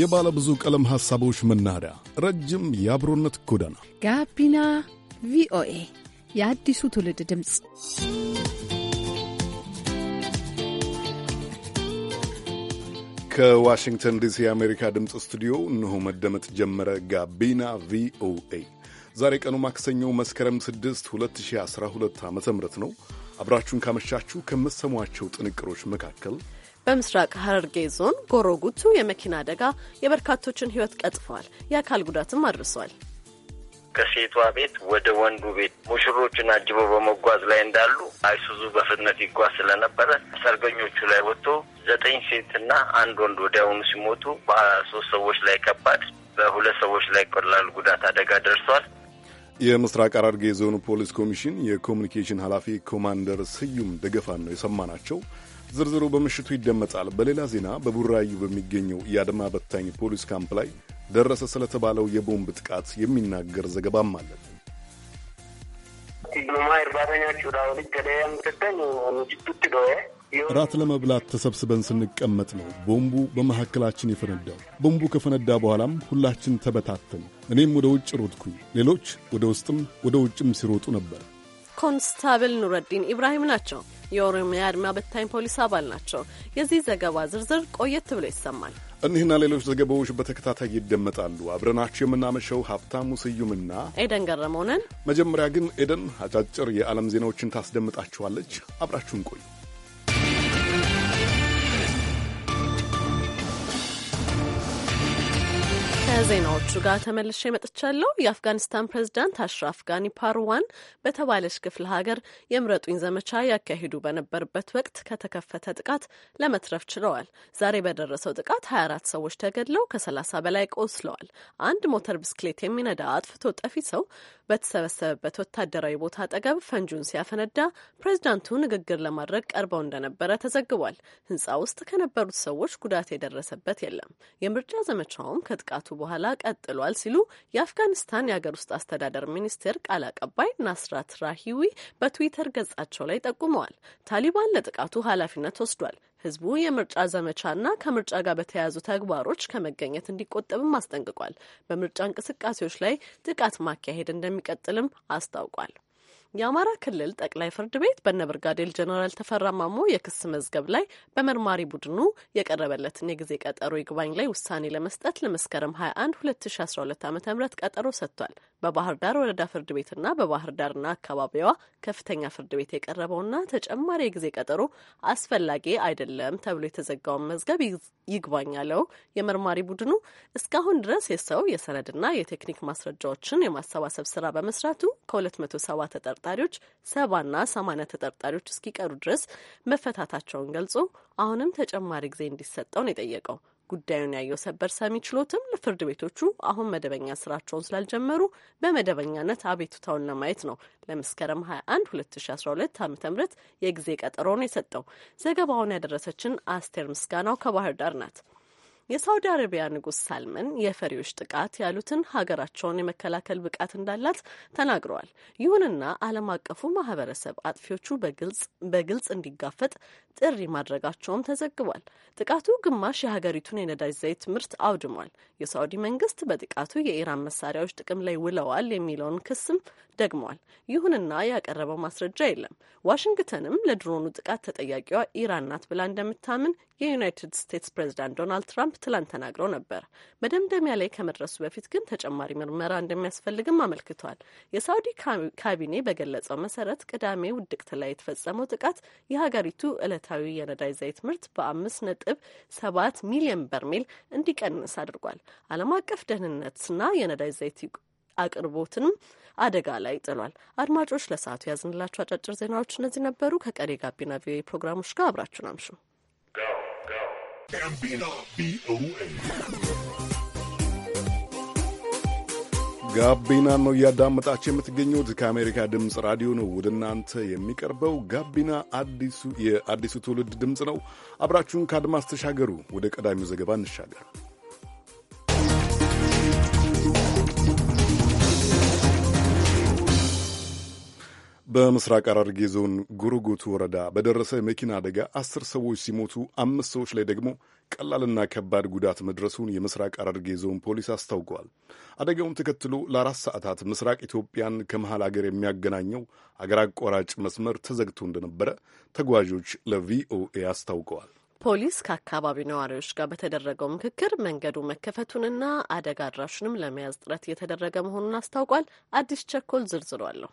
የባለ ብዙ ቀለም ሐሳቦች መናኸሪያ፣ ረጅም የአብሮነት ጎዳና፣ ጋቢና ቪኦኤ፣ የአዲሱ ትውልድ ድምፅ። ከዋሽንግተን ዲሲ የአሜሪካ ድምፅ ስቱዲዮ እነሆ መደመጥ ጀመረ። ጋቢና ቪኦኤ ዛሬ ቀኑ ማክሰኞ መስከረም 6 2012 ዓ ም ነው። አብራችሁን ካመሻችሁ ከምትሰሟቸው ጥንቅሮች መካከል በምስራቅ ሀረርጌ ዞን ጎሮ ጉቱ የመኪና አደጋ የበርካቶችን ህይወት ቀጥፈዋል፣ የአካል ጉዳትም አድርሷል። ከሴቷ ቤት ወደ ወንዱ ቤት ሙሽሮቹን አጅበው በመጓዝ ላይ እንዳሉ አይሱዙ በፍጥነት ይጓዝ ስለነበረ ሰርገኞቹ ላይ ወጥቶ ዘጠኝ ሴትና አንድ ወንድ ወዲያውኑ ሲሞቱ በሶስት ሰዎች ላይ ከባድ፣ በሁለት ሰዎች ላይ ቀላል ጉዳት አደጋ ደርሷል። የምስራቅ ሐረርጌ የዞኑ ፖሊስ ኮሚሽን የኮሚኒኬሽን ኃላፊ ኮማንደር ስዩም ደገፋን ነው የሰማናቸው። ዝርዝሩ በምሽቱ ይደመጣል። በሌላ ዜና በቡራዩ በሚገኘው የአድማ በታኝ ፖሊስ ካምፕ ላይ ደረሰ ስለተባለው የቦምብ ጥቃት የሚናገር ዘገባም አለ። ራት ለመብላት ተሰብስበን ስንቀመጥ ነው ቦምቡ በመካከላችን የፈነዳው። ቦምቡ ከፈነዳ በኋላም ሁላችን ተበታተን፣ እኔም ወደ ውጭ ሮጥኩኝ። ሌሎች ወደ ውስጥም ወደ ውጭም ሲሮጡ ነበር። ኮንስታብል ኑረዲን ኢብራሂም ናቸው። የኦሮሚያ አድማ በታኝ ፖሊስ አባል ናቸው። የዚህ ዘገባ ዝርዝር ቆየት ብሎ ይሰማል። እኒህና ሌሎች ዘገባዎች በተከታታይ ይደመጣሉ። አብረናችሁ የምናመሸው ሀብታሙ ስዩምና ኤደን ገረመሆነን መጀመሪያ ግን ኤደን አጫጭር የዓለም ዜናዎችን ታስደምጣችኋለች። አብራችሁን ቆዩ። ከዜናዎቹ ጋር ተመልሼ መጥቻለሁ። የአፍጋኒስታን ፕሬዚዳንት አሽራፍ ጋኒ ፓርዋን በተባለች ክፍለ ሀገር የምረጡኝ ዘመቻ ያካሂዱ በነበርበት ወቅት ከተከፈተ ጥቃት ለመትረፍ ችለዋል። ዛሬ በደረሰው ጥቃት 24 ሰዎች ተገድለው ከ30 በላይ ቆስለዋል። አንድ ሞተር ብስክሌት የሚነዳ አጥፍቶ ጠፊ ሰው በተሰበሰበበት ወታደራዊ ቦታ አጠገብ ፈንጁን ሲያፈነዳ ፕሬዚዳንቱ ንግግር ለማድረግ ቀርበው እንደነበረ ተዘግቧል። ህንጻ ውስጥ ከነበሩት ሰዎች ጉዳት የደረሰበት የለም። የምርጫ ዘመቻውም ከጥቃቱ በኋላ ቀጥሏል ሲሉ የአፍጋኒስታን የሀገር ውስጥ አስተዳደር ሚኒስቴር ቃል አቀባይ ናስራት ራሂዊ በትዊተር ገጻቸው ላይ ጠቁመዋል። ታሊባን ለጥቃቱ ኃላፊነት ወስዷል። ህዝቡ የምርጫ ዘመቻና ከምርጫ ጋር በተያያዙ ተግባሮች ከመገኘት እንዲቆጠብም አስጠንቅቋል። በምርጫ እንቅስቃሴዎች ላይ ጥቃት ማካሄድ እንደሚቀጥልም አስታውቋል። የአማራ ክልል ጠቅላይ ፍርድ ቤት በነ ብርጋዴር ጀኔራል ተፈራ ማሞ የክስ መዝገብ ላይ በመርማሪ ቡድኑ የቀረበለትን የጊዜ ቀጠሮ ይግባኝ ላይ ውሳኔ ለመስጠት ለመስከረም 21 2012 ዓ ም ቀጠሮ ሰጥቷል። በባህር ዳር ወረዳ ፍርድ ቤትና በባህር ዳርና አካባቢዋ ከፍተኛ ፍርድ ቤት የቀረበውና ተጨማሪ የጊዜ ቀጠሮ አስፈላጊ አይደለም ተብሎ የተዘጋውን መዝገብ ይግባኝ ያለው የመርማሪ ቡድኑ እስካሁን ድረስ የሰው የሰነድና የቴክኒክ ማስረጃዎችን የማሰባሰብ ስራ በመስራቱ ከ270 ተጠር ተጠርጣሪዎች ሰባና ሰማኒያ ተጠርጣሪዎች እስኪቀሩ ድረስ መፈታታቸውን ገልጾ አሁንም ተጨማሪ ጊዜ እንዲሰጠው ነው የጠየቀው። ጉዳዩን ያየው ሰበር ሰሚ ችሎትም ለፍርድ ቤቶቹ አሁን መደበኛ ስራቸውን ስላልጀመሩ በመደበኛነት አቤቱታውን ለማየት ነው ለመስከረም 21 2012 ዓ ም የጊዜ ቀጠሮውን የሰጠው። ዘገባውን ያደረሰችን አስቴር ምስጋናው ከባህር ዳር ናት። የሳውዲ አረቢያ ንጉስ ሳልመን የፈሪዎች ጥቃት ያሉትን ሀገራቸውን የመከላከል ብቃት እንዳላት ተናግረዋል። ይሁንና ዓለም አቀፉ ማህበረሰብ አጥፊዎቹ በግልጽ እንዲጋፈጥ ጥሪ ማድረጋቸውም ተዘግቧል። ጥቃቱ ግማሽ የሀገሪቱን የነዳጅ ዘይት ምርት አውድሟል። የሳውዲ መንግስት በጥቃቱ የኢራን መሳሪያዎች ጥቅም ላይ ውለዋል የሚለውን ክስም ደግሟል። ይሁንና ያቀረበው ማስረጃ የለም። ዋሽንግተንም ለድሮኑ ጥቃት ተጠያቂዋ ኢራን ናት ብላ እንደምታምን የዩናይትድ ስቴትስ ፕሬዚዳንት ዶናልድ ትራምፕ ትራምፕ ትላንት ተናግረው ነበር። መደምደሚያ ላይ ከመድረሱ በፊት ግን ተጨማሪ ምርመራ እንደሚያስፈልግም አመልክቷል። የሳውዲ ካቢኔ በገለጸው መሰረት ቅዳሜ ውድቅት ላይ የተፈጸመው ጥቃት የሀገሪቱ ዕለታዊ የነዳጅ ዘይት ምርት በአምስት ነጥብ ሰባት ሚሊዮን በርሜል እንዲቀንስ አድርጓል። ዓለም አቀፍ ደህንነትና የነዳጅ ዘይት አቅርቦትንም አደጋ ላይ ጥሏል። አድማጮች ለሰዓቱ ያዝንላችሁ አጫጭር ዜናዎች እነዚህ ነበሩ። ከቀሪ ጋቢና ቪኦኤ ፕሮግራሞች ጋር አብራችሁን አምሹ። ጋቢና ቪኦኤ ጋቢና ነው እያዳመጣችሁ የምትገኙት። ከአሜሪካ ድምፅ ራዲዮ ነው ወደ እናንተ የሚቀርበው። ጋቢና የአዲሱ ትውልድ ድምፅ ነው። አብራችሁን ከአድማስ ተሻገሩ። ወደ ቀዳሚው ዘገባ እንሻገር። በምስራቅ ሐረርጌ ዞን ጉርጉቱ ወረዳ በደረሰ የመኪና አደጋ አስር ሰዎች ሲሞቱ አምስት ሰዎች ላይ ደግሞ ቀላልና ከባድ ጉዳት መድረሱን የምስራቅ ሐረርጌ ዞን ፖሊስ አስታውቋል። አደጋውን ተከትሎ ለአራት ሰዓታት ምስራቅ ኢትዮጵያን ከመሃል አገር የሚያገናኘው አገር አቋራጭ መስመር ተዘግቶ እንደነበረ ተጓዦች ለቪኦኤ አስታውቀዋል። ፖሊስ ከአካባቢው ነዋሪዎች ጋር በተደረገው ምክክር መንገዱ መከፈቱንና አደጋ አድራሹንም ለመያዝ ጥረት እየተደረገ መሆኑን አስታውቋል። አዲስ ቸኮል ዝርዝሯለሁ።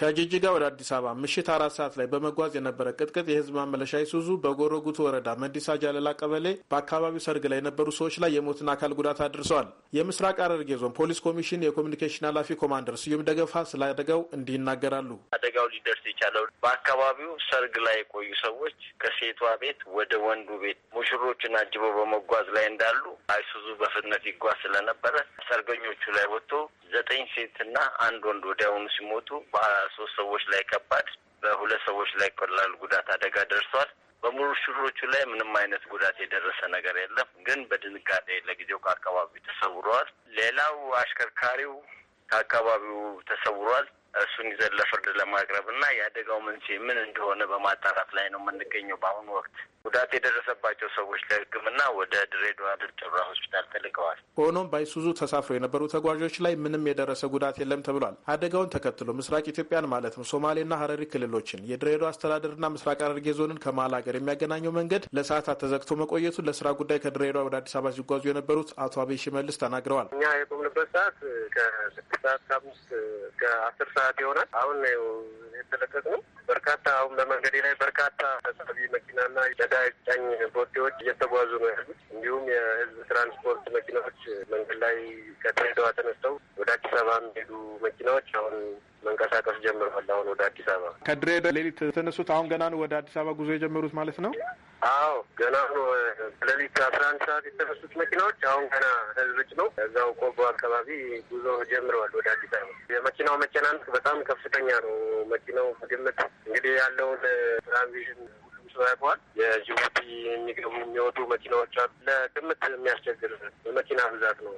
ከጅጅጋ ወደ አዲስ አበባ ምሽት አራት ሰዓት ላይ በመጓዝ የነበረ ቅጥቅጥ የህዝብ ማመለሻ ይሱዙ በጎረጉቱ ወረዳ መዲሳ ጃለላ ቀበሌ በአካባቢው ሰርግ ላይ የነበሩ ሰዎች ላይ የሞትና አካል ጉዳት አድርሰዋል። የምስራቅ ሐረርጌ ዞን ፖሊስ ኮሚሽን የኮሚኒኬሽን ኃላፊ ኮማንደር ስዩም ደገፋ ስለ አደጋው እንዲህ ይናገራሉ። አደጋው ሊደርስ የቻለው በአካባቢው ሰርግ ላይ የቆዩ ሰዎች ከሴቷ ቤት ወደ ወንዱ ቤት ሙሽሮችን አጅበው በመጓዝ ላይ እንዳሉ አይሱዙ በፍጥነት ይጓዝ ስለነበረ ሰርገኞቹ ላይ ወጥቶ ዘጠኝ ሴትና አንድ ወንድ ወዲያውኑ ሲሞቱ በ ሶስት ሰዎች ላይ ከባድ፣ በሁለት ሰዎች ላይ ቀላል ጉዳት አደጋ ደርሷል። በሙሉ ሹፌሮቹ ላይ ምንም አይነት ጉዳት የደረሰ ነገር የለም፣ ግን በድንጋጤ ለጊዜው ከአካባቢው ተሰውረዋል። ሌላው አሽከርካሪው ከአካባቢው ተሰውሯል። እሱን ይዘን ለፍርድ ለማቅረብ እና የአደጋው መንስኤ ምን እንደሆነ በማጣራት ላይ ነው የምንገኘው በአሁኑ ወቅት። ጉዳት የደረሰባቸው ሰዎች ለሕክምና ወደ ድሬዳዋ ጭራ ሆስፒታል ተልከዋል። ሆኖም ባይሱዙ ተሳፍሮ የነበሩ ተጓዦች ላይ ምንም የደረሰ ጉዳት የለም ተብሏል። አደጋውን ተከትሎ ምስራቅ ኢትዮጵያን ማለትም ሶማሌና ሀረሪ ክልሎችን የድሬዳዋ አስተዳደርና ምስራቅ ሐረርጌ ዞንን ከመሀል ሀገር የሚያገናኘው መንገድ ለሰዓታት ተዘግቶ መቆየቱ ለስራ ጉዳይ ከድሬዳዋ ወደ አዲስ አበባ ሲጓዙ የነበሩት አቶ አቤ ሽመልስ ተናግረዋል። እኛ የቆምንበት ሰዓት ከስድስት ሰዓት ከአምስት እስከ አስር ሰዓት ይሆናል። አሁን የተለቀቅ ነው። በርካታ አሁን በመንገዴ ላይ በርካታ ተሳቢ መኪናና ጨኝ ቦቴዎች እየተጓዙ ነው ያሉት። እንዲሁም የህዝብ ትራንስፖርት መኪናዎች መንገድ ላይ ከድሬዳዋ ተነስተው ወደ አዲስ አበባ የሚሄዱ መኪናዎች አሁን መንቀሳቀስ ጀምረዋል። አሁን ወደ አዲስ አበባ ከድሬዳዋ ሌሊት ተነሱት። አሁን ገና ነው ወደ አዲስ አበባ ጉዞ የጀመሩት ማለት ነው? አዎ ገና ነው። ሌሊት አስራ አንድ ሰዓት የተነሱት መኪናዎች አሁን ገና ህዝብ ነው። እዛው ቆቦ አካባቢ ጉዞ ጀምረዋል ወደ አዲስ አበባ። የመኪናው መጨናነቅ በጣም ከፍተኛ ነው። መኪናው ግምት እንግዲህ ያለውን ትራንዚሽን ያውቀዋል። የጅቡቲ የሚገቡ የሚወጡ መኪናዎች አሉ። ለግምት የሚያስቸግር የመኪና ብዛት ነው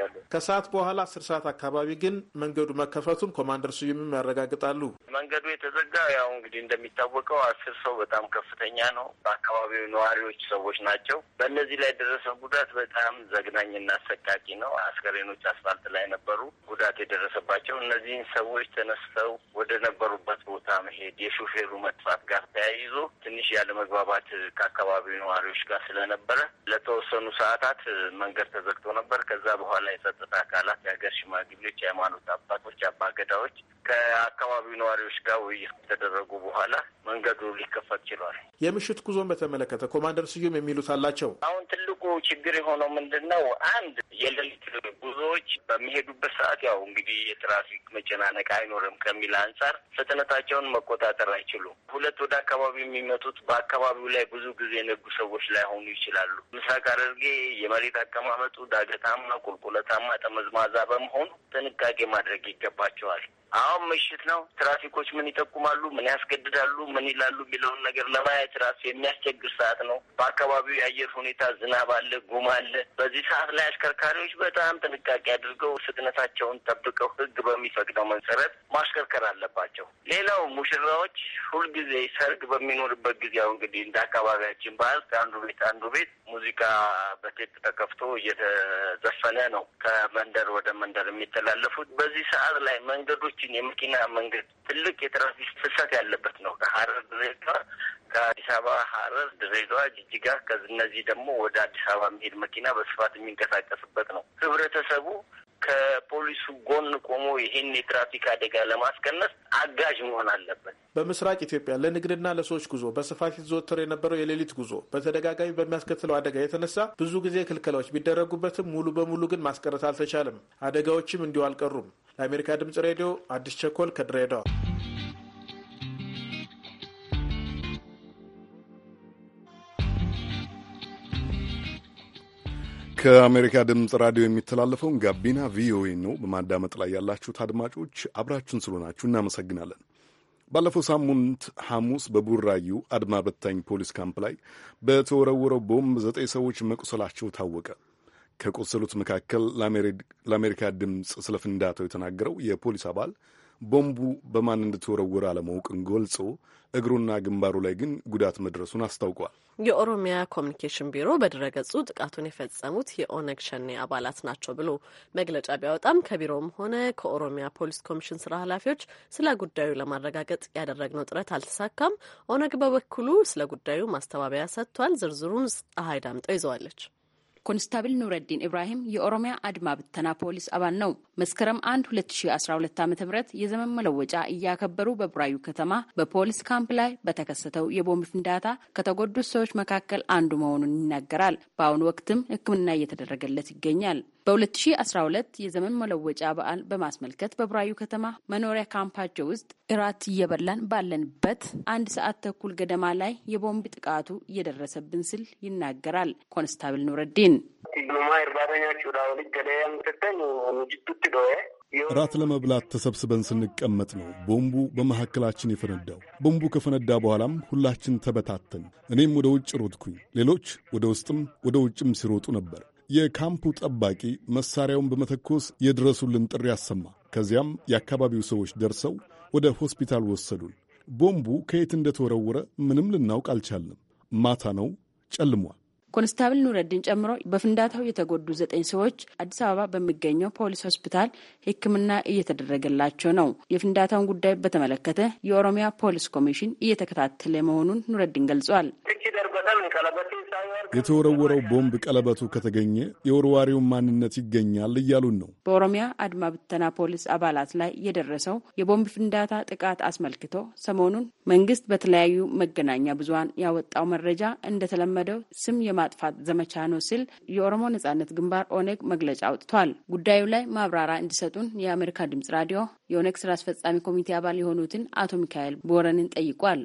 ያለው። ከሰዓት በኋላ አስር ሰዓት አካባቢ ግን መንገዱ መከፈቱን ኮማንደር ስዩምም ያረጋግጣሉ። መንገዱ የተዘጋ ያው እንግዲህ እንደሚታወቀው አስር ሰው በጣም ከፍተኛ ነው። በአካባቢው ነዋሪዎች ሰዎች ናቸው። በእነዚህ ላይ የደረሰው ጉዳት በጣም ዘግናኝና አሰቃቂ ነው። አስከሬኖች አስፋልት ላይ ነበሩ ጉዳት የደረሰባቸው። እነዚህን ሰዎች ተነስተው ወደ ነበሩበት ቦታ መሄድ የሹፌሩ መጥፋት ጋር ተያይዞ ትንሽ ያለመግባባት ከአካባቢው ነዋሪዎች ጋር ስለነበረ ለተወሰኑ ሰዓታት መንገድ ተዘግቶ ነበር። ከዛ በኋላ የጸጥታ አካላት፣ የሀገር ሽማግሌዎች፣ የሃይማኖት አባቶች፣ አባገዳዎች ከአካባቢው ነዋሪዎች ጋር ውይይት ከተደረጉ በኋላ መንገዱ ሊከፈት ችሏል። የምሽት ጉዞን በተመለከተ ኮማንደር ስዩም የሚሉት አላቸው። አሁን ትልቁ ችግር የሆነው ምንድን ነው? አንድ የሌሊት ጉዞዎች በሚሄዱበት ሰዓት ያው እንግዲህ የትራፊክ መጨናነቅ አይኖርም ከሚል አንጻር ፍጥነታቸውን መቆጣጠር አይችሉም። ሁለት ወደ አካባቢ የሚመጡት በአካባቢው ላይ ብዙ ጊዜ የነጉ ሰዎች ላይሆኑ ይችላሉ። ምስራቅ ሐረርጌ የመሬት አቀማመጡ ዳገታማ፣ ቁልቁለታማ፣ ጠመዝማዛ በመሆኑ ጥንቃቄ ማድረግ ይገባቸዋል። አሁን ምሽት ነው። ትራፊኮች ምን ይጠቁማሉ፣ ምን ያስገድዳሉ፣ ምን ይላሉ የሚለውን ነገር ለማየት ራሱ የሚያስቸግር ሰዓት ነው። በአካባቢው የአየር ሁኔታ ዝናብ አለ፣ ጉም አለ። በዚህ ሰዓት ላይ አሽከርካሪዎች በጣም ጥንቃቄ አድርገው ፍጥነታቸውን ጠብቀው ሕግ በሚፈቅደው መሰረት ማሽከርከር አለባቸው። ሌላው ሙሽራዎች ሁልጊዜ ሰርግ በሚኖርበት እንግዲህ ያው እንግዲህ እንደ አካባቢያችን ባህል ከአንዱ ቤት አንዱ ቤት ሙዚቃ በቴፕ ተከፍቶ እየተዘፈነ ነው ከመንደር ወደ መንደር የሚተላለፉት። በዚህ ሰዓት ላይ መንገዶችን የመኪና መንገድ ትልቅ የትራፊክ ፍሰት ያለበት ነው። ከሀረር ድሬዳዋ፣ ከአዲስ አበባ ሀረር፣ ድሬዳዋ፣ ጅጅጋ ከእነዚህ ደግሞ ወደ አዲስ አበባ የሚሄድ መኪና በስፋት የሚንቀሳቀስበት ነው። ህብረተሰቡ ከፖሊሱ ጎን ቆሞ ይህን የትራፊክ አደጋ ለማስቀነስ አጋዥ መሆን አለበት። በምስራቅ ኢትዮጵያ ለንግድና ለሰዎች ጉዞ በስፋት ይዘወተር የነበረው የሌሊት ጉዞ በተደጋጋሚ በሚያስከትለው አደጋ የተነሳ ብዙ ጊዜ ክልከላዎች ቢደረጉበትም ሙሉ በሙሉ ግን ማስቀረት አልተቻለም። አደጋዎችም እንዲሁ አልቀሩም። ለአሜሪካ ድምጽ ሬዲዮ አዲስ ቸኮል ከድሬዳዋ ከአሜሪካ ድምፅ ራዲዮ የሚተላለፈውን ጋቢና ቪኦኤ ነው በማዳመጥ ላይ ያላችሁት። አድማጮች አብራችሁን ስለሆናችሁ እናመሰግናለን። ባለፈው ሳምንት ሐሙስ በቡራዩ አድማ በታኝ ፖሊስ ካምፕ ላይ በተወረወረው ቦምብ ዘጠኝ ሰዎች መቁሰላቸው ታወቀ። ከቆሰሉት መካከል ለአሜሪካ ድምፅ ስለ ፍንዳታው የተናገረው የፖሊስ አባል ቦምቡ በማን እንደተወረወረ አለማወቅን ገልጾ እግሩና ግንባሩ ላይ ግን ጉዳት መድረሱን አስታውቋል። የኦሮሚያ ኮሚኒኬሽን ቢሮ በድረገጹ ጥቃቱን የፈጸሙት የኦነግ ሸኔ አባላት ናቸው ብሎ መግለጫ ቢያወጣም ከቢሮውም ሆነ ከኦሮሚያ ፖሊስ ኮሚሽን ስራ ኃላፊዎች ስለ ጉዳዩ ለማረጋገጥ ያደረግነው ጥረት አልተሳካም። ኦነግ በበኩሉ ስለ ጉዳዩ ማስተባበያ ሰጥቷል። ዝርዝሩን ፀሐይ ዳምጠው ይዘዋለች። ኮንስታብል ኑረዲን ኢብራሂም የኦሮሚያ አድማ ብተና ፖሊስ አባል ነው። መስከረም 1 2012 ዓ ም የዘመን መለወጫ እያከበሩ በቡራዩ ከተማ በፖሊስ ካምፕ ላይ በተከሰተው የቦምብ ፍንዳታ ከተጎዱት ሰዎች መካከል አንዱ መሆኑን ይናገራል። በአሁኑ ወቅትም ሕክምና እየተደረገለት ይገኛል። በ2012 የዘመን መለወጫ በዓል በማስመልከት በቡራዩ ከተማ መኖሪያ ካምፓቸው ውስጥ እራት እየበላን ባለንበት አንድ ሰዓት ተኩል ገደማ ላይ የቦምብ ጥቃቱ እየደረሰብን ስል ይናገራል ኮንስታብል ኑረዲን እራት ለመብላት ተሰብስበን ስንቀመጥ ነው ቦምቡ በመካከላችን የፈነዳው። ቦምቡ ከፈነዳ በኋላም ሁላችን ተበታተን፣ እኔም ወደ ውጭ ሮጥኩኝ። ሌሎች ወደ ውስጥም ወደ ውጭም ሲሮጡ ነበር። የካምፑ ጠባቂ መሳሪያውን በመተኮስ የድረሱልን ጥሪ አሰማ። ከዚያም የአካባቢው ሰዎች ደርሰው ወደ ሆስፒታል ወሰዱን። ቦምቡ ከየት እንደተወረወረ ምንም ልናውቅ አልቻልንም። ማታ ነው፣ ጨልሟል። ኮንስታብል ኑረድን ጨምሮ በፍንዳታው የተጎዱ ዘጠኝ ሰዎች አዲስ አበባ በሚገኘው ፖሊስ ሆስፒታል ሕክምና እየተደረገላቸው ነው። የፍንዳታውን ጉዳይ በተመለከተ የኦሮሚያ ፖሊስ ኮሚሽን እየተከታተለ መሆኑን ኑረድን ገልጿል። የተወረወረው ቦምብ ቀለበቱ ከተገኘ የወርዋሪውን ማንነት ይገኛል እያሉን ነው። በኦሮሚያ አድማ ብተና ፖሊስ አባላት ላይ የደረሰው የቦምብ ፍንዳታ ጥቃት አስመልክቶ ሰሞኑን መንግስት በተለያዩ መገናኛ ብዙሃን ያወጣው መረጃ እንደተለመደው ስም የማጥፋት ዘመቻ ነው ሲል የኦሮሞ ነጻነት ግንባር ኦነግ መግለጫ አውጥቷል። ጉዳዩ ላይ ማብራሪያ እንዲሰጡን የአሜሪካ ድምጽ ራዲዮ የኦነግ ስራ አስፈጻሚ ኮሚቴ አባል የሆኑትን አቶ ሚካኤል ቦረንን ጠይቋል።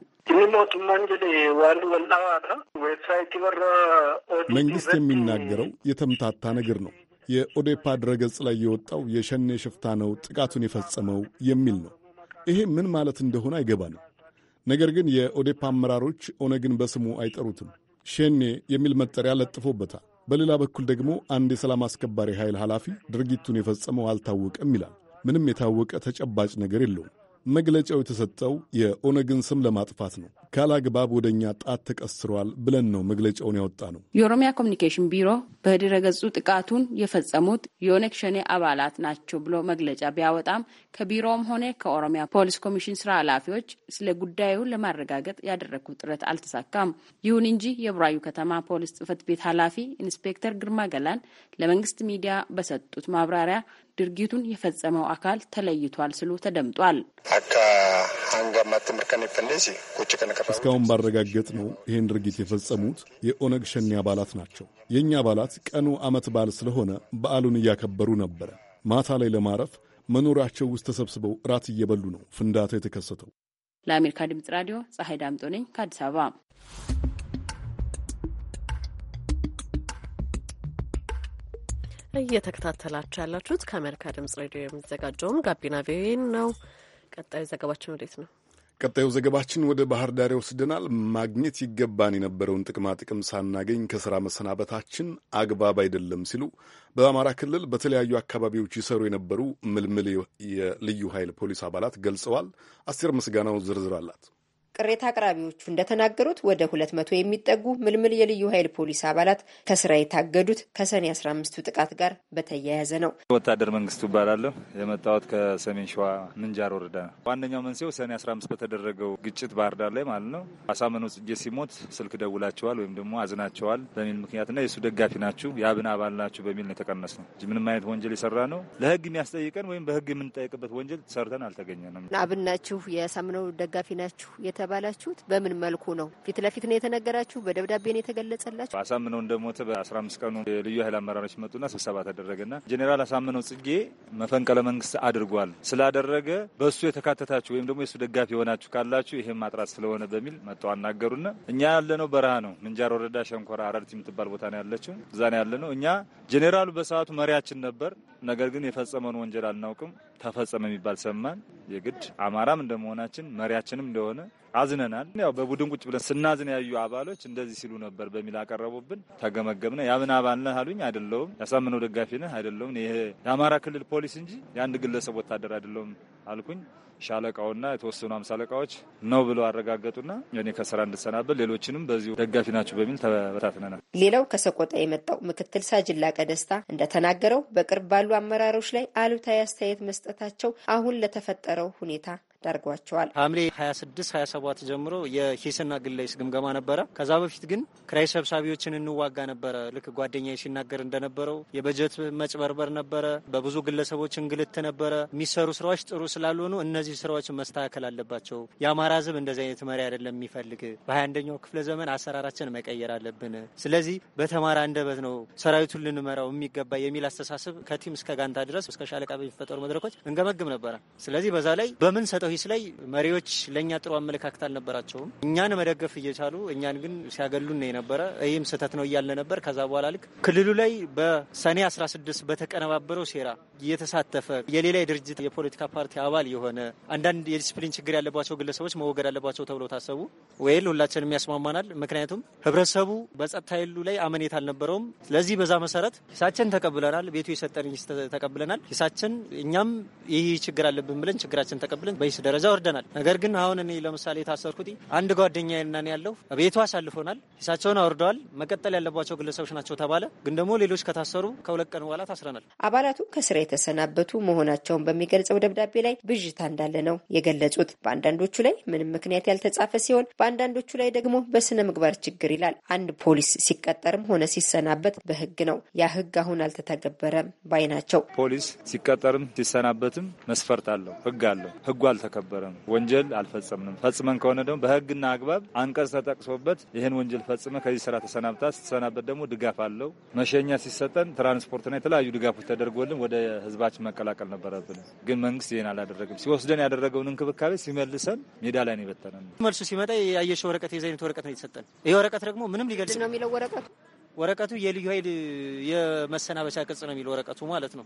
መንግስት የሚናገረው የተምታታ ነገር ነው። የኦዴፓ ድረገጽ ላይ የወጣው የሸኔ ሽፍታ ነው ጥቃቱን የፈጸመው የሚል ነው። ይሄ ምን ማለት እንደሆነ አይገባንም። ነገር ግን የኦዴፓ አመራሮች ኦነግን በስሙ አይጠሩትም። ሼኔ የሚል መጠሪያ ለጥፎበታል። በሌላ በኩል ደግሞ አንድ የሰላም አስከባሪ ኃይል ኃላፊ ድርጊቱን የፈጸመው አልታወቀም ይላል። ምንም የታወቀ ተጨባጭ ነገር የለውም። መግለጫው የተሰጠው የኦነግን ስም ለማጥፋት ነው። ካላግባብ ወደ እኛ ጣት ተቀስሯል ብለን ነው መግለጫውን ያወጣ ነው። የኦሮሚያ ኮሚኒኬሽን ቢሮ በድረ ገጹ ጥቃቱን የፈጸሙት የኦነግ ሸኔ አባላት ናቸው ብሎ መግለጫ ቢያወጣም ከቢሮውም ሆነ ከኦሮሚያ ፖሊስ ኮሚሽን ስራ ኃላፊዎች ስለ ጉዳዩ ለማረጋገጥ ያደረግኩት ጥረት አልተሳካም። ይሁን እንጂ የቡራዩ ከተማ ፖሊስ ጽህፈት ቤት ኃላፊ ኢንስፔክተር ግርማ ገላን ለመንግስት ሚዲያ በሰጡት ማብራሪያ ድርጊቱን የፈጸመው አካል ተለይቷል ስሉ ተደምጧል። እስካሁን ባረጋገጥ ነው ይህን ድርጊት የፈጸሙት የኦነግ ሸኔ አባላት ናቸው። የእኛ አባላት ቀኑ ዓመት በዓል ስለሆነ በዓሉን እያከበሩ ነበረ። ማታ ላይ ለማረፍ መኖሪያቸው ውስጥ ተሰብስበው እራት እየበሉ ነው ፍንዳታ የተከሰተው። ለአሜሪካ ድምፅ ራዲዮ ፀሐይ ዳምጦ ነኝ ከአዲስ አበባ እየተከታተላችሁ ያላችሁት ከአሜሪካ ድምጽ ሬዲዮ የሚዘጋጀውን ጋቢና ቪኦኤ ነው። ቀጣዩ ዘገባችን ወዴት ነው? ቀጣዩ ዘገባችን ወደ ባህር ዳር ይወስደናል። ማግኘት ይገባን የነበረውን ጥቅማ ጥቅም ሳናገኝ ከስራ መሰናበታችን አግባብ አይደለም ሲሉ በአማራ ክልል በተለያዩ አካባቢዎች ይሰሩ የነበሩ ምልምል የልዩ ኃይል ፖሊስ አባላት ገልጸዋል። አስቴር ምስጋናው ዝርዝር አላት። ቅሬታ አቅራቢዎቹ እንደተናገሩት ወደ ሁለት መቶ የሚጠጉ ምልምል የልዩ ኃይል ፖሊስ አባላት ከስራ የታገዱት ከሰኔ አስራ አምስቱ ጥቃት ጋር በተያያዘ ነው። ወታደር መንግስቱ እባላለሁ። የመጣሁት ከሰሜን ሸዋ ምንጃር ወረዳ ነው። ዋነኛው መንስኤው ሰኔ አስራ አምስት በተደረገው ግጭት ባህር ዳር ላይ ማለት ነው አሳመኖ ጽጌ ሲሞት ስልክ ደውላቸዋል ወይም ደግሞ አዝናቸዋል በሚል ምክንያትና የእሱ ደጋፊ ናችሁ የአብን አባል ናችሁ በሚል ነው የተቀነስ ነው ምንም አይነት ወንጀል የሰራ ነው ለህግ የሚያስጠይቀን ወይም በህግ የምንጠይቅበት ወንጀል ሰርተን አልተገኘንም። አብን ናችሁ፣ የአሳምነው ደጋፊ ናችሁ የተባላችሁት በምን መልኩ ነው? ፊት ለፊት ነው የተነገራችሁ? በደብዳቤ ነው የተገለጸላችሁ? አሳምነው እንደሞተ በአስራ አምስት ቀኑ የልዩ ኃይል አመራሮች መጡና ስብሰባ ተደረገና ጄኔራል አሳምነው ጽጌ መፈንቅለ መንግስት አድርጓል ስላደረገ በእሱ የተካተታችሁ ወይም ደግሞ የእሱ ደጋፊ የሆናችሁ ካላችሁ ይህም ማጥራት ስለሆነ በሚል መጠው አናገሩና እኛ ያለነው በረሃ ነው። ምንጃር ወረዳ ሸንኮራ አረርቲ የምትባል ቦታ ነው ያለችው። እዛ ነው ያለነው። እኛ ጄኔራሉ በሰዓቱ መሪያችን ነበር። ነገር ግን የፈጸመውን ወንጀል አናውቅም። ተፈጸመ የሚባል ሰማን። የግድ አማራም እንደመሆናችን መሪያችንም እንደሆነ አዝነናል። ያው በቡድን ቁጭ ብለን ስናዝን ያዩ አባሎች እንደዚህ ሲሉ ነበር በሚል አቀረቡብን። ተገመገምነ። ያምን አባል ነህ አሉኝ። አይደለውም። ያሳምነው ደጋፊ ነህ አይደለውም። ይሄ የአማራ ክልል ፖሊስ እንጂ የአንድ ግለሰብ ወታደር አይደለውም አልኩኝ። ሻለቃውና የተወሰኑ አምሳ አለቃዎች ነው ብለው አረጋገጡና እኔ ከስራ እንድሰናበል ሌሎችንም በዚሁ ደጋፊ ናቸው በሚል ተበታትነናል። ሌላው ከሰቆጣ የመጣው ምክትል ሳጅን ላቀ ደስታ እንደተናገረው በቅርብ ባሉ አመራሮች ላይ አሉታዊ አስተያየት መስጠታቸው አሁን ለተፈጠረው ሁኔታ ዳርጓቸዋል። ሐምሌ 26 27 ጀምሮ የሂስና ግለይስ ግምገማ ነበረ። ከዛ በፊት ግን ክራይ ሰብሳቢዎችን እንዋጋ ነበረ። ልክ ጓደኛ ሲናገር እንደነበረው የበጀት መጭበርበር ነበረ፣ በብዙ ግለሰቦች እንግልት ነበረ። የሚሰሩ ስራዎች ጥሩ ስላልሆኑ እነዚህ ስራዎች መስተካከል አለባቸው። የአማራ ህዝብ እንደዚህ አይነት መሪ አይደለም የሚፈልግ። በ21ኛው ክፍለ ዘመን አሰራራችን መቀየር አለብን። ስለዚህ በተማረ አንደበት ነው ሰራዊቱን ልንመራው የሚገባ የሚል አስተሳሰብ ከቲም እስከ ጋንታ ድረስ እስከ ሻለቃ በሚፈጠሩ መድረኮች እንገመግም ነበረ። ስለዚህ በዛ ላይ በምን ሰጠው ሂስ ላይ መሪዎች ለእኛ ጥሩ አመለካከት አልነበራቸውም። እኛን መደገፍ እየቻሉ እኛን ግን ሲያገሉን የነበረ ይህም ስህተት ነው እያለ ነበር። ከዛ በኋላ ልክ ክልሉ ላይ በሰኔ 16 በተቀነባበረው ሴራ እየተሳተፈ የሌላ የድርጅት የፖለቲካ ፓርቲ አባል የሆነ አንዳንድ የዲስፕሊን ችግር ያለባቸው ግለሰቦች መወገድ አለባቸው ተብሎ ታሰቡ ወይል ሁላችንም ያስማማናል። ምክንያቱም ህብረተሰቡ በጸጥታ ኃይሉ ላይ አመኔት አልነበረውም። ስለዚህ በዛ መሰረት ሂሳችን ተቀብለናል። ቤቱ የሰጠን ተቀብለናል። ሂሳችን እኛም ይህ ችግር አለብን ብለን ችግራችን ተቀብለን በሂስ ደረጃ ወርደናል። ነገር ግን አሁን እኔ ለምሳሌ የታሰርኩት አንድ ጓደኛ ናን ያለው ቤቱ አሳልፎናል። ሂሳቸውን አውርደዋል። መቀጠል ያለባቸው ግለሰቦች ናቸው ተባለ። ግን ደግሞ ሌሎች ከታሰሩ ከሁለት ቀን በኋላ ታስረናል። አባላቱ ከስራ የተሰናበቱ መሆናቸውን በሚገልጸው ደብዳቤ ላይ ብዥታ እንዳለ ነው የገለጹት። በአንዳንዶቹ ላይ ምንም ምክንያት ያልተጻፈ ሲሆን፣ በአንዳንዶቹ ላይ ደግሞ በስነ ምግባር ችግር ይላል። አንድ ፖሊስ ሲቀጠርም ሆነ ሲሰናበት በህግ ነው። ያ ህግ አሁን አልተተገበረም ባይ ናቸው። ፖሊስ ሲቀጠርም ሲሰናበትም መስፈርት አለው፣ ህግ አለው። ህጉ የተከበረ ነው። ወንጀል አልፈጸምንም። ፈጽመን ከሆነ ደግሞ በህግና አግባብ አንቀጽ ተጠቅሶበት ይህን ወንጀል ፈጽመ ከዚህ ስራ ተሰናብታ ስትሰናበት ደግሞ ድጋፍ አለው መሸኛ ሲሰጠን ትራንስፖርትና የተለያዩ ድጋፎች ተደርጎልን ወደ ህዝባችን መቀላቀል ነበረብን። ግን መንግስት ይህን አላደረግም። ሲወስደን ያደረገውን እንክብካቤ ሲመልሰን ሜዳ ላይ ነው የበተነን። መልሱ ሲመጣ ያየሽ ወረቀት የዘይነት ወረቀት ነው የተሰጠን። ይህ ወረቀት ደግሞ ምንም ሊገልጽ ነው የሚለው ወረቀቱ ወረቀቱ የልዩ ኃይል የመሰናበቻ ቅጽ ነው የሚለው ወረቀቱ ማለት ነው።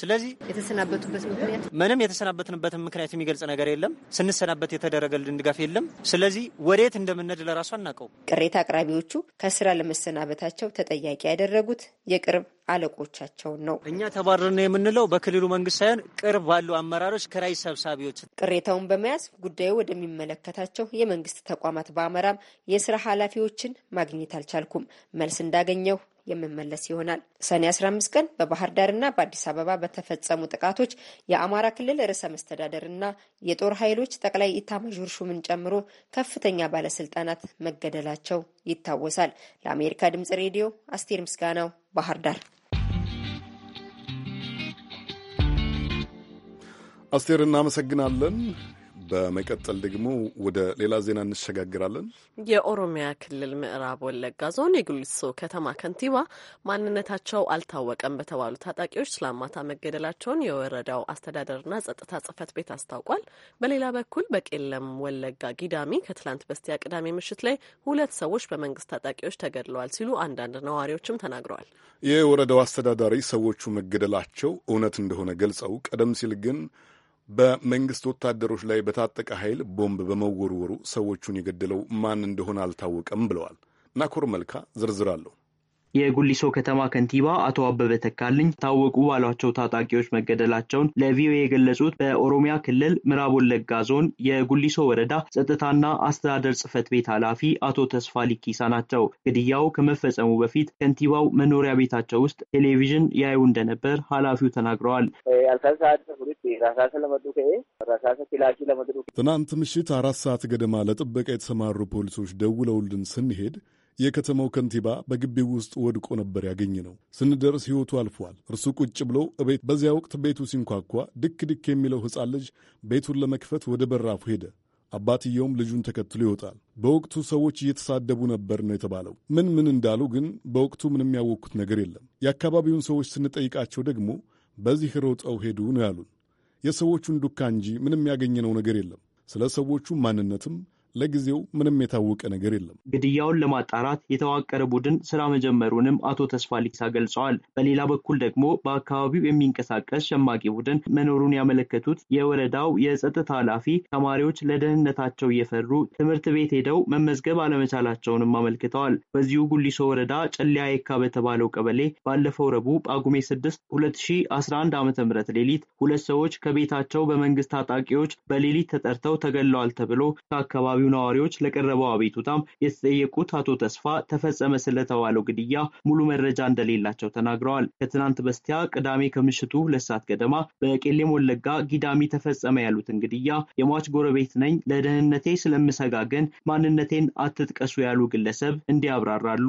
ስለዚህ የተሰናበቱበት ምክንያት ምንም የተሰናበትንበትን ምክንያት የሚገልጽ ነገር የለም። ስንሰናበት የተደረገልን ድጋፍ የለም። ስለዚህ ወዴት እንደምንሄድ ለራሱ አናውቀው። ቅሬታ አቅራቢዎቹ ከስራ ለመሰናበታቸው ተጠያቂ ያደረጉት የቅርብ አለቆቻቸውን ነው። እኛ ተባረርን የምንለው በክልሉ መንግስት ሳይሆን ቅርብ ባሉ አመራሮች፣ ክራይ ሰብሳቢዎች ቅሬታውን በመያዝ ጉዳዩ ወደሚመለከታቸው የመንግስት ተቋማት በአመራም የስራ ኃላፊዎችን ማግኘት አልቻልኩም። መልስ እንዳገኘው የምመለስ ይሆናል። ሰኔ 15 ቀን በባህር ዳርና በአዲስ አበባ በተፈጸሙ ጥቃቶች የአማራ ክልል ርዕሰ መስተዳደርና የጦር ኃይሎች ጠቅላይ ኢታማዦር ሹምን ጨምሮ ከፍተኛ ባለስልጣናት መገደላቸው ይታወሳል። ለአሜሪካ ድምጽ ሬዲዮ አስቴር ምስጋናው ባህር ዳር። አስቴር እናመሰግናለን። በመቀጠል ደግሞ ወደ ሌላ ዜና እንሸጋግራለን። የኦሮሚያ ክልል ምዕራብ ወለጋ ዞን የጉሊሶ ከተማ ከንቲባ ማንነታቸው አልታወቀም በተባሉ ታጣቂዎች ስላማታ መገደላቸውን የወረዳው አስተዳደርና ጸጥታ ጽህፈት ቤት አስታውቋል። በሌላ በኩል በቄለም ወለጋ ጊዳሚ ከትላንት በስቲያ ቅዳሜ ምሽት ላይ ሁለት ሰዎች በመንግስት ታጣቂዎች ተገድለዋል ሲሉ አንዳንድ ነዋሪዎችም ተናግረዋል። የወረዳው አስተዳዳሪ ሰዎቹ መገደላቸው እውነት እንደሆነ ገልጸው ቀደም ሲል ግን በመንግስት ወታደሮች ላይ በታጠቀ ኃይል ቦምብ በመወርወሩ ሰዎቹን የገደለው ማን እንደሆነ አልታወቀም ብለዋል። ናኮር መልካ ዝርዝር አለሁ የጉሊሶ ከተማ ከንቲባ አቶ አበበ ተካልኝ ታወቁ ባሏቸው ታጣቂዎች መገደላቸውን ለቪኦኤ የገለጹት በኦሮሚያ ክልል ምዕራብ ወለጋ ዞን የጉሊሶ ወረዳ ጸጥታና አስተዳደር ጽህፈት ቤት ኃላፊ አቶ ተስፋ ሊኪሳ ናቸው። ግድያው ከመፈጸሙ በፊት ከንቲባው መኖሪያ ቤታቸው ውስጥ ቴሌቪዥን ያዩ እንደነበር ኃላፊው ተናግረዋል። ትናንት ምሽት አራት ሰዓት ገደማ ለጥበቃ የተሰማሩ ፖሊሶች ደውለውልን ስንሄድ የከተማው ከንቲባ በግቢው ውስጥ ወድቆ ነበር ያገኘ ነው። ስንደርስ ሕይወቱ አልፏል። እርሱ ቁጭ ብሎ እቤት በዚያ ወቅት ቤቱ ሲንኳኳ ድክ ድክ የሚለው ሕፃን ልጅ ቤቱን ለመክፈት ወደ በራፉ ሄደ። አባትየውም ልጁን ተከትሎ ይወጣል። በወቅቱ ሰዎች እየተሳደቡ ነበር ነው የተባለው። ምን ምን እንዳሉ ግን በወቅቱ ምንም ያወቅኩት ነገር የለም። የአካባቢውን ሰዎች ስንጠይቃቸው ደግሞ በዚህ ሮጠው ሄዱ ነው ያሉን። የሰዎቹን ዱካ እንጂ ምንም ያገኘነው ነገር የለም። ስለ ሰዎቹ ማንነትም ለጊዜው ምንም የታወቀ ነገር የለም። ግድያውን ለማጣራት የተዋቀረ ቡድን ስራ መጀመሩንም አቶ ተስፋ ሊክሳ ገልጸዋል። በሌላ በኩል ደግሞ በአካባቢው የሚንቀሳቀስ ሸማቂ ቡድን መኖሩን ያመለከቱት የወረዳው የጸጥታ ኃላፊ ተማሪዎች ለደህንነታቸው እየፈሩ ትምህርት ቤት ሄደው መመዝገብ አለመቻላቸውንም አመልክተዋል። በዚሁ ጉሊሶ ወረዳ ጨሌ የካ በተባለው ቀበሌ ባለፈው ረቡዕ ጳጉሜ 6 2011 ዓ ም ሌሊት ሁለት ሰዎች ከቤታቸው በመንግስት ታጣቂዎች በሌሊት ተጠርተው ተገለዋል ተብሎ ከአካባቢው የአካባቢው ነዋሪዎች ለቀረበው አቤቱታም የተጠየቁት አቶ ተስፋ ተፈጸመ ስለተባለው ግድያ ሙሉ መረጃ እንደሌላቸው ተናግረዋል። ከትናንት በስቲያ ቅዳሜ ከምሽቱ ሁለት ሰዓት ገደማ በቄሌም ወለጋ ጊዳሚ ተፈጸመ ያሉትን ግድያ የሟች ጎረቤት ነኝ፣ ለደህንነቴ ስለምሰጋ ግን ማንነቴን አትጥቀሱ ያሉ ግለሰብ እንዲያብራራሉ።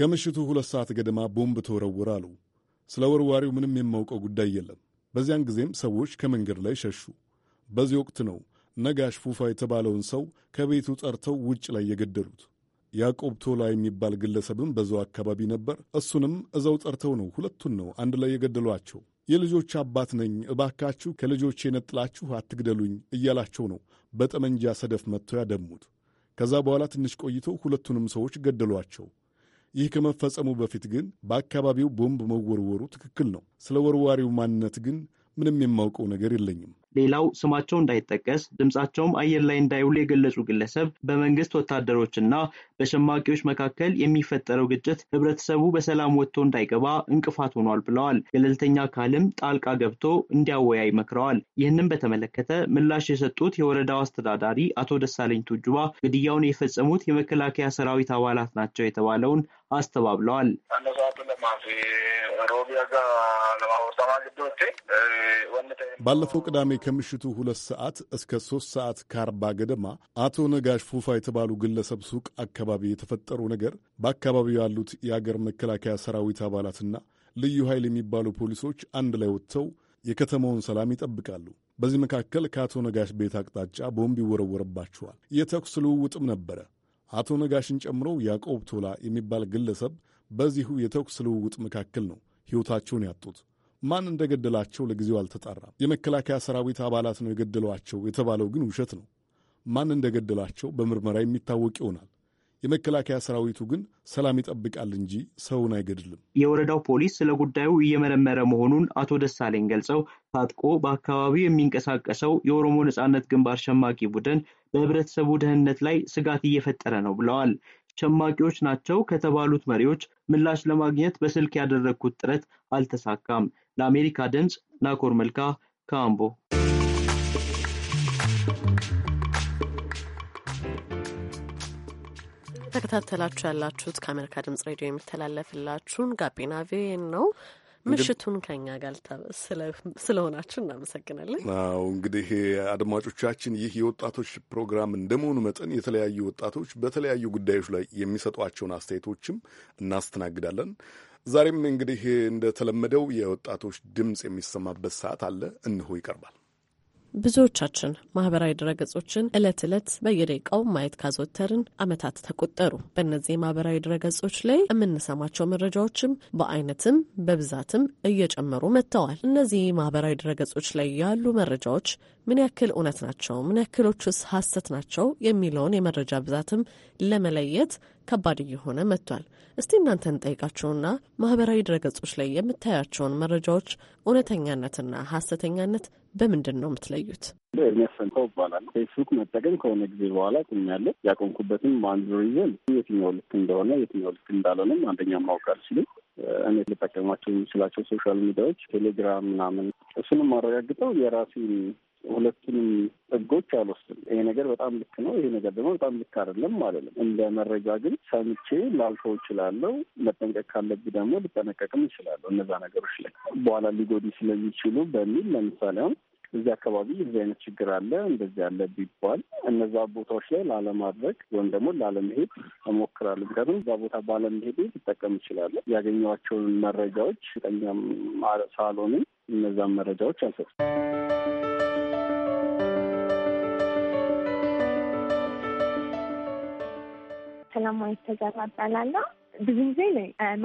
ከምሽቱ ሁለት ሰዓት ገደማ ቦምብ ተወረወረ አሉ። ስለ ወርዋሪው ምንም የማውቀው ጉዳይ የለም። በዚያን ጊዜም ሰዎች ከመንገድ ላይ ሸሹ። በዚህ ወቅት ነው ነጋሽ ፉፋ የተባለውን ሰው ከቤቱ ጠርተው ውጭ ላይ የገደሉት። ያዕቆብ ቶላ የሚባል ግለሰብም በዛው አካባቢ ነበር። እሱንም እዛው ጠርተው ነው ሁለቱን ነው አንድ ላይ የገደሏቸው። የልጆች አባት ነኝ፣ እባካችሁ ከልጆች የነጥላችሁ አትግደሉኝ እያላቸው ነው በጠመንጃ ሰደፍ መጥተው ያደሙት። ከዛ በኋላ ትንሽ ቆይተው ሁለቱንም ሰዎች ገደሏቸው። ይህ ከመፈጸሙ በፊት ግን በአካባቢው ቦምብ መወርወሩ ትክክል ነው። ስለ ወርዋሪው ማንነት ግን ምንም የማውቀው ነገር የለኝም። ሌላው ስማቸው እንዳይጠቀስ ድምፃቸውም አየር ላይ እንዳይውል የገለጹ ግለሰብ በመንግስት ወታደሮችና በሸማቂዎች መካከል የሚፈጠረው ግጭት ህብረተሰቡ በሰላም ወጥቶ እንዳይገባ እንቅፋት ሆኗል ብለዋል። ገለልተኛ አካልም ጣልቃ ገብቶ እንዲያወያይ መክረዋል። ይህንም በተመለከተ ምላሽ የሰጡት የወረዳው አስተዳዳሪ አቶ ደሳለኝ ቱጁባ ግድያውን የፈጸሙት የመከላከያ ሰራዊት አባላት ናቸው የተባለውን አስተባብለዋል። ባለፈው ቅዳሜ ከምሽቱ ሁለት ሰዓት እስከ ሶስት ሰዓት ከአርባ ገደማ አቶ ነጋሽ ፉፋ የተባሉ ግለሰብ ሱቅ አካባቢ የተፈጠሩ ነገር በአካባቢው ያሉት የአገር መከላከያ ሰራዊት አባላትና ልዩ ኃይል የሚባሉ ፖሊሶች አንድ ላይ ወጥተው የከተማውን ሰላም ይጠብቃሉ። በዚህ መካከል ከአቶ ነጋሽ ቤት አቅጣጫ ቦምብ ይወረወረባቸዋል። የተኩስ ልውውጥም ነበረ። አቶ ነጋሽን ጨምሮ ያዕቆብ ቶላ የሚባል ግለሰብ በዚሁ የተኩስ ልውውጥ መካከል ነው ሕይወታቸውን ያጡት። ማን እንደገደላቸው ለጊዜው አልተጣራም። የመከላከያ ሰራዊት አባላት ነው የገደሏቸው የተባለው ግን ውሸት ነው። ማን እንደገደላቸው በምርመራ የሚታወቅ ይሆናል። የመከላከያ ሰራዊቱ ግን ሰላም ይጠብቃል እንጂ ሰውን አይገድልም። የወረዳው ፖሊስ ስለ ጉዳዩ እየመረመረ መሆኑን አቶ ደሳለኝ ገልጸው ታጥቆ በአካባቢው የሚንቀሳቀሰው የኦሮሞ ነጻነት ግንባር ሸማቂ ቡድን በህብረተሰቡ ደህንነት ላይ ስጋት እየፈጠረ ነው ብለዋል። ሸማቂዎች ናቸው ከተባሉት መሪዎች ምላሽ ለማግኘት በስልክ ያደረግኩት ጥረት አልተሳካም። ለአሜሪካ ድምፅ ናኮር መልካ ከአምቦ። ተከታተላችሁ ያላችሁት ከአሜሪካ ድምጽ ሬዲዮ የሚተላለፍላችሁን ጋቢና ቪኦኤ ነው። ምሽቱን ከኛ ጋር ስለሆናችሁ እናመሰግናለን። አዎ እንግዲህ አድማጮቻችን፣ ይህ የወጣቶች ፕሮግራም እንደመሆኑ መጠን የተለያዩ ወጣቶች በተለያዩ ጉዳዮች ላይ የሚሰጧቸውን አስተያየቶችም እናስተናግዳለን። ዛሬም እንግዲህ እንደተለመደው የወጣቶች ድምፅ የሚሰማበት ሰዓት አለ፣ እንሆ ይቀርባል። ብዙዎቻችን ማህበራዊ ድረገጾችን ዕለት ዕለት በየደቂቃው ማየት ካዘወተርን አመታት ተቆጠሩ። በእነዚህ የማህበራዊ ድረገጾች ላይ የምንሰማቸው መረጃዎችም በአይነትም በብዛትም እየጨመሩ መጥተዋል። እነዚህ ማህበራዊ ድረገጾች ላይ ያሉ መረጃዎች ምን ያክል እውነት ናቸው፣ ምን ያክሎቹስ ሀሰት ናቸው የሚለውን የመረጃ ብዛትም ለመለየት ከባድ እየሆነ መጥቷል። እስቲ እናንተን ጠይቃችሁና ማህበራዊ ድረገጾች ላይ የምታያቸውን መረጃዎች እውነተኛነትና ሀሰተኛነት በምንድን ነው የምትለዩት? ኤርሚያስ ፈንታው እባላለሁ። ፌስቡክ መጠቀም ከሆነ ጊዜ በኋላ ቆሚያለሁ። ያቆምኩበትም አንዱ ሪዝን የትኛው ልክ እንደሆነ የትኛው ልክ እንዳልሆነም አንደኛ ማወቅ አልችልም። እኔ ልጠቀማቸው የሚችላቸው ሶሻል ሚዲያዎች ቴሌግራም ምናምን፣ እሱንም አረጋግጠው የራሴን ሁለቱንም ጥጎች አልወስድም። ይሄ ነገር በጣም ልክ ነው፣ ይሄ ነገር ደግሞ በጣም ልክ አይደለም አይደለም። እንደ መረጃ ግን ሰምቼ ላልፈው እችላለሁ። መጠንቀቅ ካለብኝ ደግሞ ልጠነቀቅም እችላለሁ እነዛ ነገሮች ላይ በኋላ ሊጎዱ ስለሚችሉ በሚል ለምሳሌ አሁን እዚህ አካባቢ እዚህ አይነት ችግር አለ እንደዚህ አለ ቢባል እነዛ ቦታዎች ላይ ላለማድረግ ወይም ደግሞ ላለመሄድ እሞክራለሁ። ምክንያቱም እዛ ቦታ ባለመሄድ ልጠቀም ይችላለ ያገኘኋቸውን መረጃዎች ጠኛም ሳልሆንም እነዛን መረጃዎች አልሰጥም። ሰላማዊት ተዘራ እባላለሁ። ብዙ ጊዜ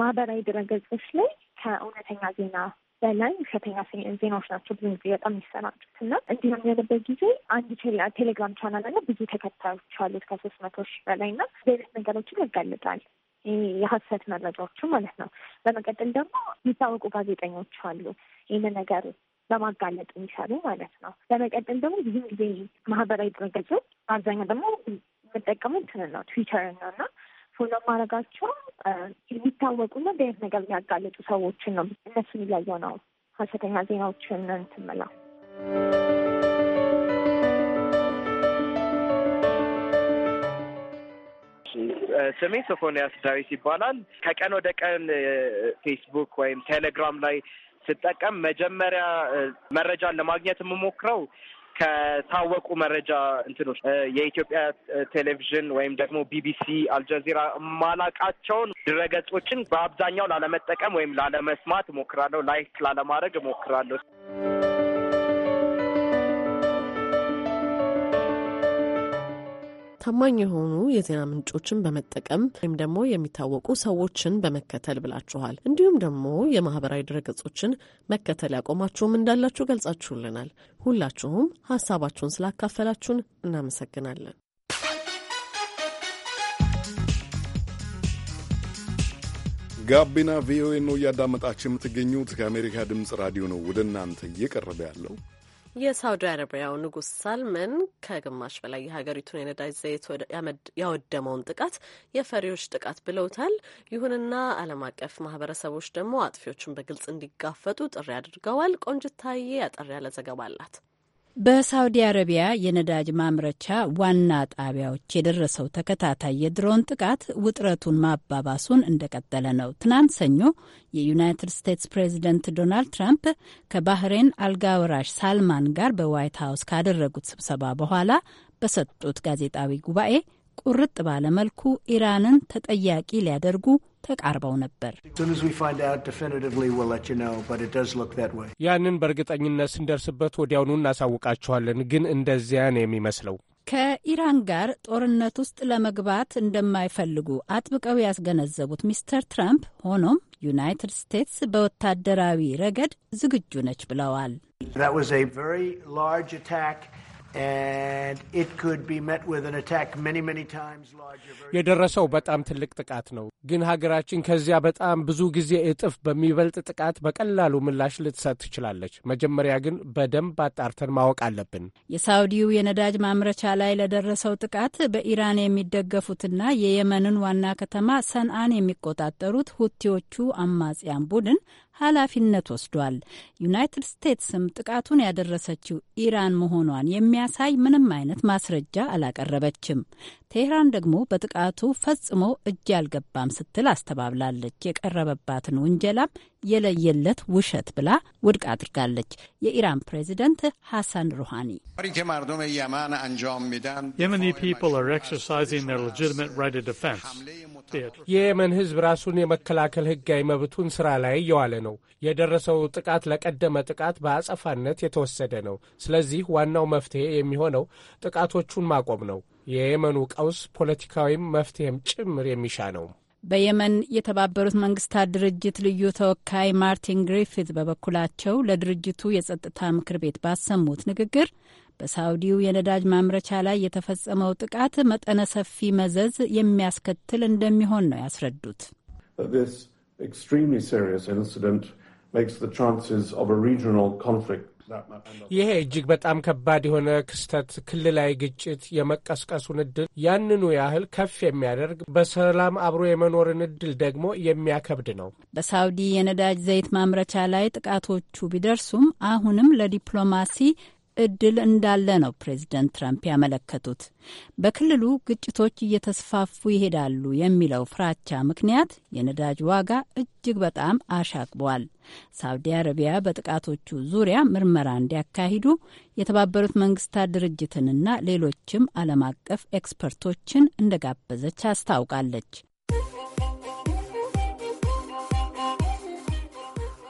ማህበራዊ ድረገጾች ላይ ከእውነተኛ ዜና በላይ ውሸተኛ ዜናዎች ናቸው ብዙ ጊዜ በጣም የሚሰራጩት እና እንዲህ በሚያደበት ጊዜ አንድ ቴሌግራም ቻናል አለ ብዙ ተከታዮች አሉት ከሶስት መቶ ሺህ በላይ እና ሌሎች ነገሮችን ያጋልጣል የሀሰት መረጃዎችን ማለት ነው። በመቀጠል ደግሞ የሚታወቁ ጋዜጠኞች አሉ ይህን ነገር በማጋለጥ የሚሰሩ ማለት ነው። በመቀጠል ደግሞ ብዙ ጊዜ ማህበራዊ ድረገጾች አብዛኛው ደግሞ የምጠቀሙ እንትን ነው ትዊተር ነው እና ፎሎ ማድረጋቸው የሚታወቁና በየት ነገር የሚያጋልጡ ሰዎችን ነው። እነሱ የሚለየው ነው ሀሰተኛ ዜናዎችን እንትን የምለው። ስሜ ሶፎንያስ ዳዊት ይባላል። ከቀን ወደ ቀን ፌስቡክ ወይም ቴሌግራም ላይ ስጠቀም መጀመሪያ መረጃን ለማግኘት የምሞክረው ከታወቁ መረጃ እንትኖች የኢትዮጵያ ቴሌቪዥን ወይም ደግሞ ቢቢሲ፣ አልጀዚራ ማላቃቸውን ድረገጾችን በአብዛኛው ላለመጠቀም ወይም ላለመስማት እሞክራለሁ። ላይክ ላለማድረግ እሞክራለሁ። ታማኝ የሆኑ የዜና ምንጮችን በመጠቀም ወይም ደግሞ የሚታወቁ ሰዎችን በመከተል ብላችኋል። እንዲሁም ደግሞ የማህበራዊ ድረገጾችን መከተል ያቆማችሁም እንዳላችሁ ገልጻችሁልናል። ሁላችሁም ሀሳባችሁን ስላካፈላችሁን እናመሰግናለን። ጋቢና ቪኦኤ ነው እያዳመጣችሁ የምትገኙት። ከአሜሪካ ድምፅ ራዲዮ ነው ወደ እናንተ እየቀረበ ያለው። የሳውዲ አረቢያው ንጉስ ሳልመን ከግማሽ በላይ የሀገሪቱን የነዳጅ ዘይት ያወደመውን ጥቃት የፈሪዎች ጥቃት ብለውታል። ይሁንና ዓለም አቀፍ ማህበረሰቦች ደግሞ አጥፊዎቹን በግልጽ እንዲጋፈጡ ጥሪ አድርገዋል። ቆንጅታዬ አጠር ያለ ዘገባ አላት። በሳውዲ አረቢያ የነዳጅ ማምረቻ ዋና ጣቢያዎች የደረሰው ተከታታይ የድሮን ጥቃት ውጥረቱን ማባባሱን እንደቀጠለ ነው። ትናንት ሰኞ የዩናይትድ ስቴትስ ፕሬዚደንት ዶናልድ ትራምፕ ከባህሬን አልጋወራሽ ሳልማን ጋር በዋይት ሀውስ ካደረጉት ስብሰባ በኋላ በሰጡት ጋዜጣዊ ጉባኤ ቁርጥ ባለ መልኩ ኢራንን ተጠያቂ ሊያደርጉ ተቃርበው ነበር። ያንን በእርግጠኝነት ስንደርስበት ወዲያውኑ እናሳውቃችኋለን። ግን እንደዚያ ነው የሚመስለው። ከኢራን ጋር ጦርነት ውስጥ ለመግባት እንደማይፈልጉ አጥብቀው ያስገነዘቡት ሚስተር ትራምፕ ሆኖም ዩናይትድ ስቴትስ በወታደራዊ ረገድ ዝግጁ ነች ብለዋል። የደረሰው በጣም ትልቅ ጥቃት ነው፣ ግን ሀገራችን ከዚያ በጣም ብዙ ጊዜ እጥፍ በሚበልጥ ጥቃት በቀላሉ ምላሽ ልትሰጥ ትችላለች። መጀመሪያ ግን በደንብ አጣርተን ማወቅ አለብን። የሳውዲው የነዳጅ ማምረቻ ላይ ለደረሰው ጥቃት በኢራን የሚደገፉትና የየመንን ዋና ከተማ ሰንአን የሚቆጣጠሩት ሁቲዎቹ አማጽያን ቡድን ኃላፊነት ወስዷል። ዩናይትድ ስቴትስም ጥቃቱን ያደረሰችው ኢራን መሆኗን የሚያሳይ ምንም አይነት ማስረጃ አላቀረበችም። ቴህራን ደግሞ በጥቃቱ ፈጽሞ እጅ አልገባም ስትል አስተባብላለች። የቀረበባትን ውንጀላም የለየለት ውሸት ብላ ውድቅ አድርጋለች። የኢራን ፕሬዚደንት ሐሰን ሩሃኒ የየመን ሕዝብ ራሱን የመከላከል ሕጋዊ መብቱን ሥራ ላይ የዋለ ነው። የደረሰው ጥቃት ለቀደመ ጥቃት በአጸፋነት የተወሰደ ነው። ስለዚህ ዋናው መፍትሄ የሚሆነው ጥቃቶቹን ማቆም ነው። የየመኑ ቀውስ ፖለቲካዊም መፍትሄም ጭምር የሚሻ ነው። በየመን የተባበሩት መንግስታት ድርጅት ልዩ ተወካይ ማርቲን ግሪፊት በበኩላቸው ለድርጅቱ የጸጥታ ምክር ቤት ባሰሙት ንግግር በሳውዲው የነዳጅ ማምረቻ ላይ የተፈጸመው ጥቃት መጠነ ሰፊ መዘዝ የሚያስከትል እንደሚሆን ነው ያስረዱት። ስ extremely serious ኢንሲደንት makes the ኦፍ of ኮንፍሊክት ይሄ እጅግ በጣም ከባድ የሆነ ክስተት ክልላዊ ግጭት የመቀስቀሱን እድል ያንኑ ያህል ከፍ የሚያደርግ በሰላም አብሮ የመኖርን እድል ደግሞ የሚያከብድ ነው። በሳውዲ የነዳጅ ዘይት ማምረቻ ላይ ጥቃቶቹ ቢደርሱም አሁንም ለዲፕሎማሲ እድል እንዳለ ነው ፕሬዚደንት ትራምፕ ያመለከቱት። በክልሉ ግጭቶች እየተስፋፉ ይሄዳሉ የሚለው ፍራቻ ምክንያት የነዳጅ ዋጋ እጅግ በጣም አሻቅቧል። ሳውዲ አረቢያ በጥቃቶቹ ዙሪያ ምርመራ እንዲያካሂዱ የተባበሩት መንግስታት ድርጅትንና ሌሎችም ዓለም አቀፍ ኤክስፐርቶችን እንደጋበዘች አስታውቃለች።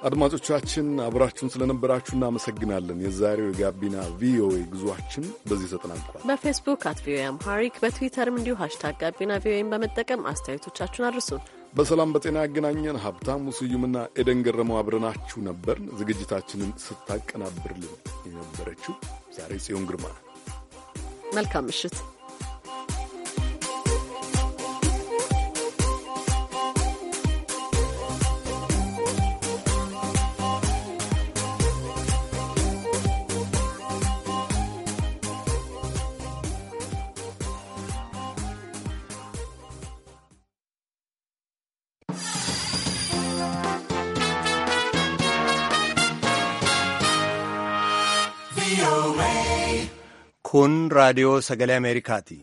አድማጮቻችን አብራችሁን ስለነበራችሁ እናመሰግናለን። የዛሬው የጋቢና ቪኦኤ ጉዟችን በዚህ ተጠናቋል። በፌስቡክ አት ቪኦኤ አምሃሪክ በትዊተርም እንዲሁ ሀሽታግ ጋቢና ቪኦኤን በመጠቀም አስተያየቶቻችሁን አድርሱ። በሰላም በጤና ያገናኘን። ሀብታሙ ስዩምና ኤደን ገረመው አብረናችሁ ነበር ዝግጅታችንን ስታቀናብርልን የነበረችው ዛሬ ጽዮን ግርማ። መልካም ምሽት። Kun raadiyoo sagale Ameerikaati.